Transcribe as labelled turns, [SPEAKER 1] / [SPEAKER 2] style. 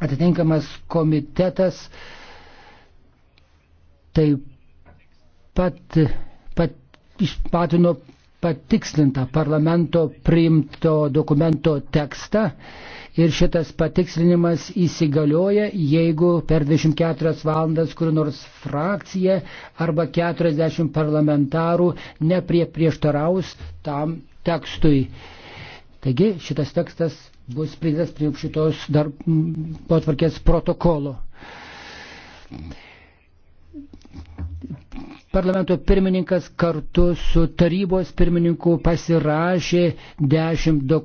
[SPEAKER 1] atitinkamas komitetas taip pat, pat išpatino patikslintą parlamento priimto dokumento tekstą ir šitas patikslinimas įsigalioja, jeigu per 24 valandas kur nors frakcija arba 40 parlamentarų neprie prieštaraus tam tekstui. Taigi šitas tekstas bus pridėtas prie šitos darbo atvarkės protokolo. Parlamento pirmininkas kartu su tarybos pirmininku pasirašė
[SPEAKER 2] dešimt dokumentų.